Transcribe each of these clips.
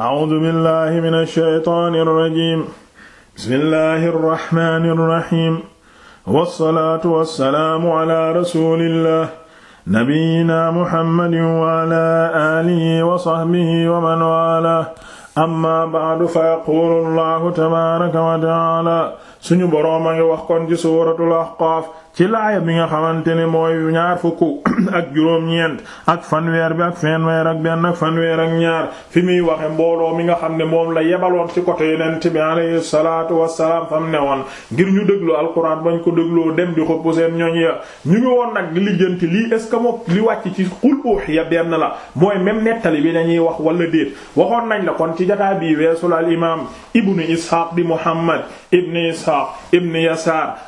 a'uudu billahi mina shaytaani rajiim bismillahi rahmaani rahiim wassalaatu wassalaamu ala rasulillah nabiyyina muhammadin wa ala aalihi wa sahbihi wa man waalaahu amma ba'du fa yaquulu allahu tabaaraka wa ta'aala suñu boroom a ngi wax kon ci suuratul ahqaaf ci laaya bi nga xamante ne mooy ñaar fukk ak juróom-ñeent ak fanweer bi ak fanweer ak benn ak fanweer ak ñaar fi muy waxe mbooloo mi nga xam ne moom la yebaloon ci côté yonent bi alayhi salaatu wassalaam fam ne woon ngir ñu déglu alxuraan bañ ko dégloo dem di xëpp seen ñoñ ya ñu ngi woon nag di lijjanti lii est-ce que moom li wàcc ci xul uhiya benn la mooy même nettali bi dañuy wax wala déet waxoon nañ la kon ci jotaay bi weesul al imaam ibnu ishaaq di muhammad ibnu ishaaq ibnu yasaar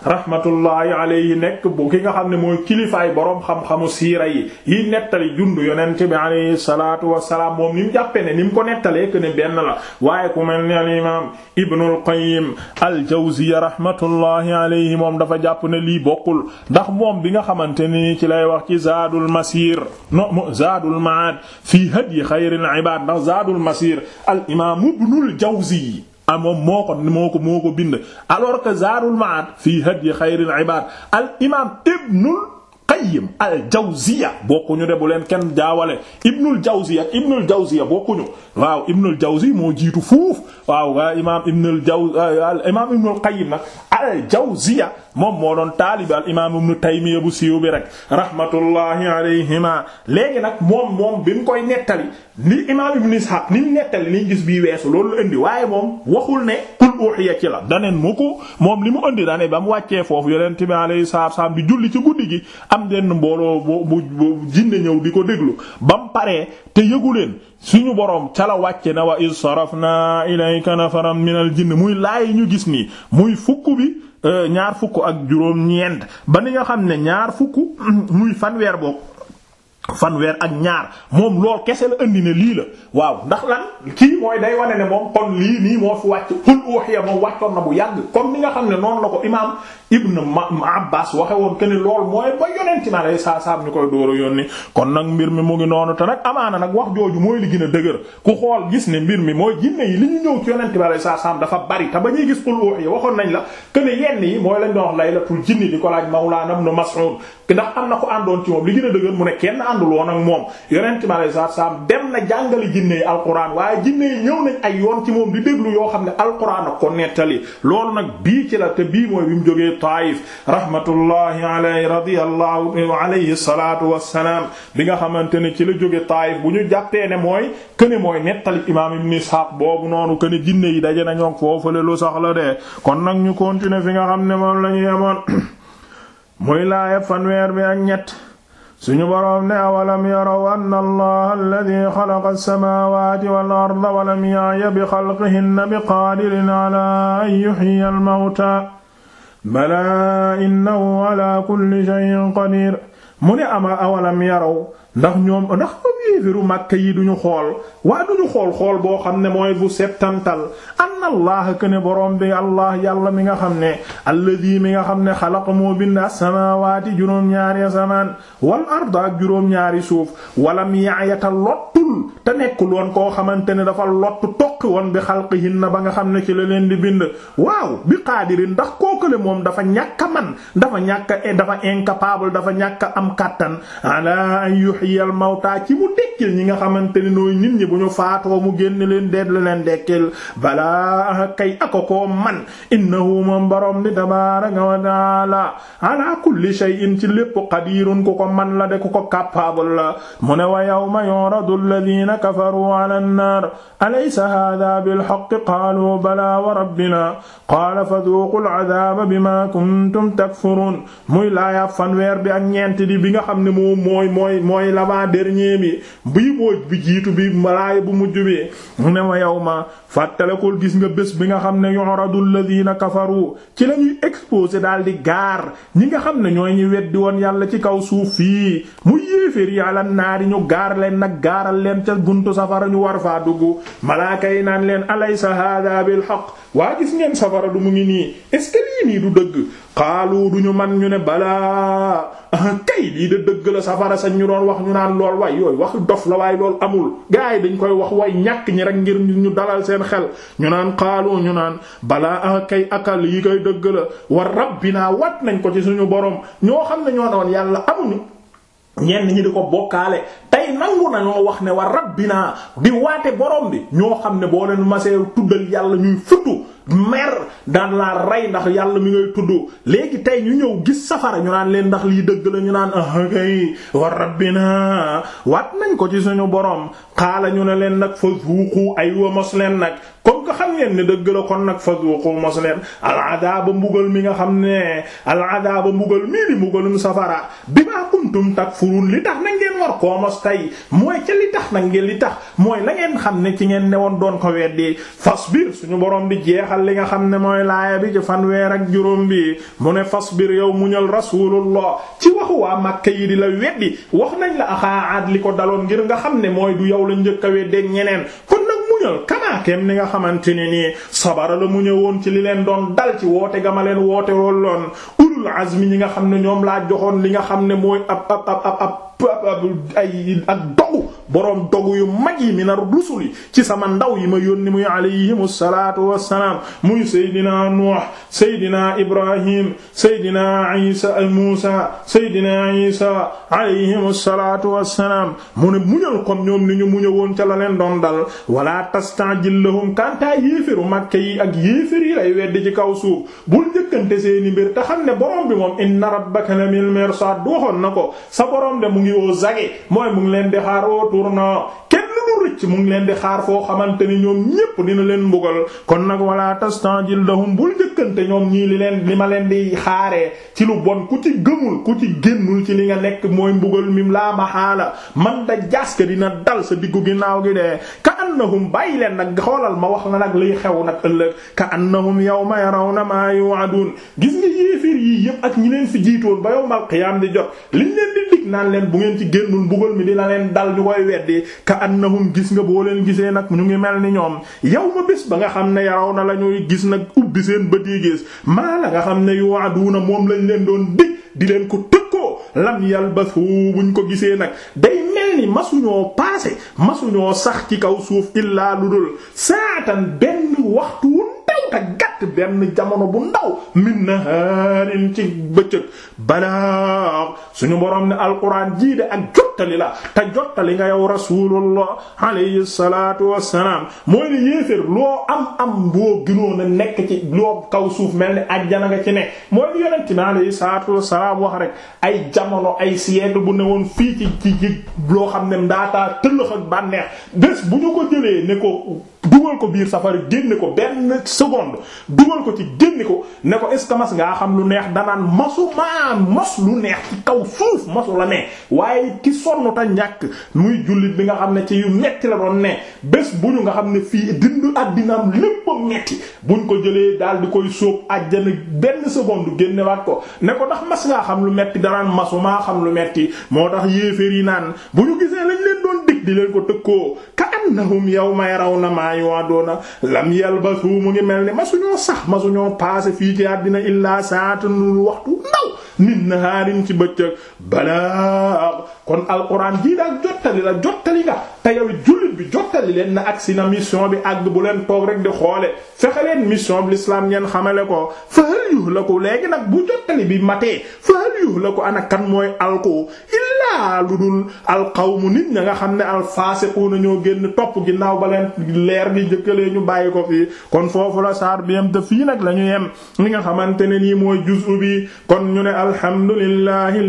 yi nekk bu ki nga xam ne mooy kilifaay boroom xam-xamu siira yi yi nettali jundu yonent bi alayhi salaatu wassalaam moom ni mu jàppe ne ni ko nettalee que ne benn la waaye ku mel ni al imaam Ibnul Qayyim al-Jawziyya rahmatullahi alayhi moom dafa jàpp ne lii bokkul ndax moom bi nga xamante ni ci lay wax ci Zaadul Masiir no Zaadul Ma'aad fii hadyi xayril ibaad ndax Zaadul Masiir al imaam Ibnul Ah, moom moo ko moo ko moo ko bind alors que Zaadul Ma'aad fii hadyi xayril ibaad al imaam Ibnul Qayyim al Jawziya bokkuñu de bu leen kenn jaawale Ibnul Jawzi ak Ibnul Jawziya bokkuñu waaw Ibnul Jawzi moo jiitu fuuf waaw imaam Ibnul Jaw ah, al imaam Ibnul al jawziya moom moo doon taalibi al imaam ibnu taymiya bu siiw bi rek rahmatullahi alayhima léegi nag moom moom bi mu koy nettali li imaam ibnu ishaq ni mu nettali liñ gis bii weesu loolu la indi waaye moom waxul ne qul uhiya ci la daneen mu ko moom li mu indi dane ba mu wàccee foofu yonent timi alayhi salaatu salaam di julli ci guddi gi am denn mbooloo bu bu jinne ñëw di ko déglu ba mu paree te yëgu leen suñu boroom ca la na wa iz sarafna ilayka nafaran minal jinn muy laay ñu gis nii muy fukk bi euh, ñaar fukk ak juróom ñeent ba ni nga xam ne ñaar fukk muy fanweer bokk fanweer ak ñaar moom lool kese la andi ne lii la waaw ndax lan kii mooy day wane ne moom kon lii nii moo fi wàcc xul uhiya moom wàccoon na bu yàgg comme ni xam ne noonu la ko imaam Ibn woon que lool mooy ba yonenti ma lay saa saab kon nag mbir mi mu ngi noonu te nag amaana nag wax jooju mooy li gën gis ne mbir mi mooy jinne li ñu ñëw ci yonenti ma lay saa saab dafa bari te ba ñuy gis xul uhiya waxoon nañ la que ne yenn yi mooy lañ doon wax laylatul jinni di ko laaj Mawlaana Ibn Mas'ud ndax am na ko àndoon ci moom li gën a dëgër mu ne kenn àndul woon ak moom yonent bi alayhi salaatu salaam dem na jàngale jinne yi alquran waaye jinne yi ñëw nañ ay yoon ci moom di déglu yoo xam ne alquran ak ko nettali loolu nag bii ci la te bii mooy bi mu jógee Taayif rahmatullahi alayhi radiyallahu alayhi salaatu wassalaam bi nga xamante ne ci la jóge Taayif bu ñu jàppee ne mooy këne mooy nettali imaam Ibn Ishaq boobu noonu këne jinne yi daje na ñoom foofale lu sax la de kon nag ñu continuer fi nga xam ne moom la ñu yemoon muy laaya fanweer bi suñu boroom ne awalam yaraw anna allaha alladi xalaqa alsamawati wal arda walam ya'ya bi xalqihinna bi qaadirin ala an yuhyiya almawta bala innahu ala kulli shay'in qadir mu ne ama awalam yaraw ndax ñoom ndax ñoom yéefiru màkk yi duñu xool waa duñu xool xool boo xam ne mooy bu settantal anna allah que borom bi allah yàlla mi nga xam ne alladi mi nga xam ne xalaq moo bind as-samaawaati juróom-ñaari asamaan wal arda ak juróom-ñaari suuf walam yaayata lottul te nekkul woon koo xamante ne dafa lottu tokki woon bi xalqihinna ba nga xam ne ci la leen di bind waaw bi qaadirin ndax kookale moom dafa ñàkk a man dafa ñàkk dafa incapable dafa ñàkk am kàttan yuhyil mawtaa ci mu dekkil ñi nga xamante ne nooy nit ñi bu ñu faatoo mu génn leen deet la leen dekkil balaa kay ako koo man innahu moom borom bi tabaaraka wa taala ala kulli shay'in ci lépp qadirun ku ko man la de ku ko capable la mu ne wa yawma yuradu alladhina kafaru ala an-nar alaysa hadha bil haqq qalu bala wa rabbina qala fadhuqu al-adhaba bima kuntum takfurun muy laaya fanweer bi ak ñeent di bi nga xam ne moom mooy mooy mooy mooy l'avant dernier bi bii mooy bi jiitu bi malaay bu mujj bi mu ne ma yow ma fàttalekul gis nga bés bi nga xam ne yu'radu alladhina kafaru ci la ñuy exposé daal di gaar ñi nga xam ne ñooy ñi weddi woon yàlla ci kaw suuf fii mu yéeféer yi ala naari ñu gaar leen nag gaaral leen ca buntu safara ñu war faa dugg malaaka yi naan leen alaysa hada bil haqq waa gis ngeen safara du mu ngi nii est-ce nii du dëgg xaalu duñu man ñu ne balaa kay lii de dëgg la ñu naan lool waay yooyu waxu dof la waaye lool amul gars yi dañ koy wax way ñàkk ñi rek ngir ñu dalal seen xel ñu naan xaalu ñu naan balaa ah kay akal yi koy dëgg la wa rabbina wat nañ ko ci suñu borom ñoo xam ne ñoo doon yàlla amuñu ñenn ñi di ko bokkaale tey nangu nañoo wax ne wa rabbina di waate borom bi ñoo xam ne boo leen masee tuddal yàlla ñuy futtu mer daan laa rey ndax yàlla mi ngay tudd léegi tey ñu ñëw gis safara ñu naan leen ndax lii dëgg la ñu naan ah kay wa rabbina wat nañ ko ci suñu borom xaala ñu ne leen nag fa zuuqu ay wa leen nag xam ngeen ne dëgg la kon nag fazuqu mos leen aladaaba mbugal mi nga xam ne aladaaba mbugal mii di mbugalum safara bima kuntum takfurun li tax na ngeen war koo mos tey mooy ca li tax nag li tax mooy la ngeen xam ne ci ngeen newoon doon ko weddi fasbir suñu boroom di jeexal li nga xam ne mooy laaya bi ci fanweer ak juróom bi mu ne fasbir yow muñal rasulullah ci waxu waa yi di la weddi wax nañ la axaa aad li ko daloon ngir nga xam ne mooy du yow la njëkk a weddeek muñal kanaakeem ni nga xamante ne nii sabara la mu ñëwoon ci li leen doon dal ci woote ga leen woote woon loon ulul azmi ñi nga xam ne ñoom laa joxoon li nga xam ne mooy ab ab ab ab ay ak dogu boroom dogu yu mag yi mina rusul yi ci sama ndaw yi ma yónni muy alayhimu salaatu wassalaam muy Seydina Nuux Seydina Ibrahim Seydina Isa Muusa Seydina Isa alayhimu salaatu wassalaam mu ne muñal comme ñoom ni ñu muñe woon ca la leen doon dal wala tastajil lahum kantaa yéeféru Makka yi ak yéefér yi lay weddi ci kaw suuf bul njëkkante seeni mbir te ne borom bi moom inna rabbaka lamil mirsad waxoon na ko sa tournant kenn rëcc mu ngi leen di xaar foo xamante ni ñoom ñépp dina leen mbugal kon nag wala tastanjil dahum bul njëkkante ñoom ñii li leen li ma leen di xaaree ci lu bon ku ci gëmul ku ci génnul ci li nga nekk mooy mbugal mim laa maxaala man da jaaske dina dal sa diggu ginnaaw gi dee ka annahum bàyyi leen nag xoolal ma wax na nag liy xew nag ëllëg ka annahum yawma yarawna ma yu'adun gis nga yéeféer yii yépp ak ñi leen fi jiitoon ba yawmal qiyaam di jot liñ leen di dig naan leen bu ñun gis nga boo leen gisee nag ñu ngi mel ni ñoom yow ma bés ba nga xam ne yaraw na la ñuy gis nag ubbi seen bët yi gis maa la nga xam ne yu waaduuna moom lañ leen doon dig di leen ko tëkkoo lam yalbasu buñ ko gisee nag day mel ni masuñoo passé masuñoo ci kaw suuf illaa lu dul saatan benn benn jamono bu ndaw min naharin ci jottali la te jottali nga yow rasulullah alayhi salaatu wassalaam mooy ne yéeféer loo am am boo gënoon a nekk ci loo kaw suuf mel ni ajjana nga ci ne mooy ni yonent bi alayhi salaatu wassalaam wax rek ay jamono ay siècle bu ne woon fii ci ci loo xam ne ndaataa tëllëx ak bànneex bés bu ñu ko jëlee ne ko dugal ko biir safara génne ko benn seconde dugal ko ci génne ko ne ko est mas ngaa xam lu neex danaan masu maa mos lu neex ci masu la ne waaye ki sonn ta jullit bi nga xam ne ci yu la doon ne bés bu nga xam ne fii dindu àddinaam lépp a metti buñ ko jëlee daal di koy sóob àjjana benn seconde génnewaat ko ne ko ndax mas ngaa xam lu metti danaan masu maa xam lu moo tax yéeféer yi naan bu ñu gisee lañ leen doon dig di leen ko tëkkoo annahum yawma yarawna ma yu'aduna lam yalbasu mu ngi mel ni ma suñoo sax ma suñoo passé fii ci àddina illaa saatan waxtu ndaw min nahaarin ci bëccëg balaa kon alquran jii daal jottali la jottali nga te yow jullit bi jottali leen na agsi na mission bi àgg bu leen toog rek di xoole fexe leen mission bi l'islam ngeen xamale ko fa hal yuhlaku léegi nag bu jottali bi matee fa hal yuhlaku ana kan mooy alku illaa lu dul alqawmu nit ña nga xam ne alfaasiquuna ñoo génn topp ginnaaw ba leen leer gi jëkkalee ñu bàyyi ko fii kon foofu la saar bi yem te fii nag la ñu yem li nga xamante ne nii mooy ju bi kon ñu ne alhamdulillahi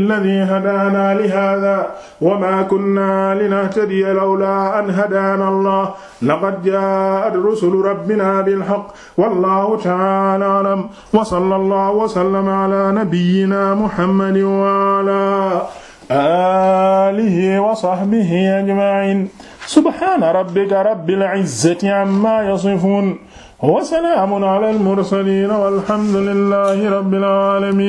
wa ma kunna linahtadiya lawla an hadana allah laqad ja'at rusulu rabbina bil haqq wallahu ta'ala a'lam wa sallallahu wa sallama ala nabiyyina muhammadin wa ala alihi wa sahbihi ajma'in subhana rabbika rabbil izzati amma yasifun wa salamun ala al mursalin walhamdulillahi rabbil alamin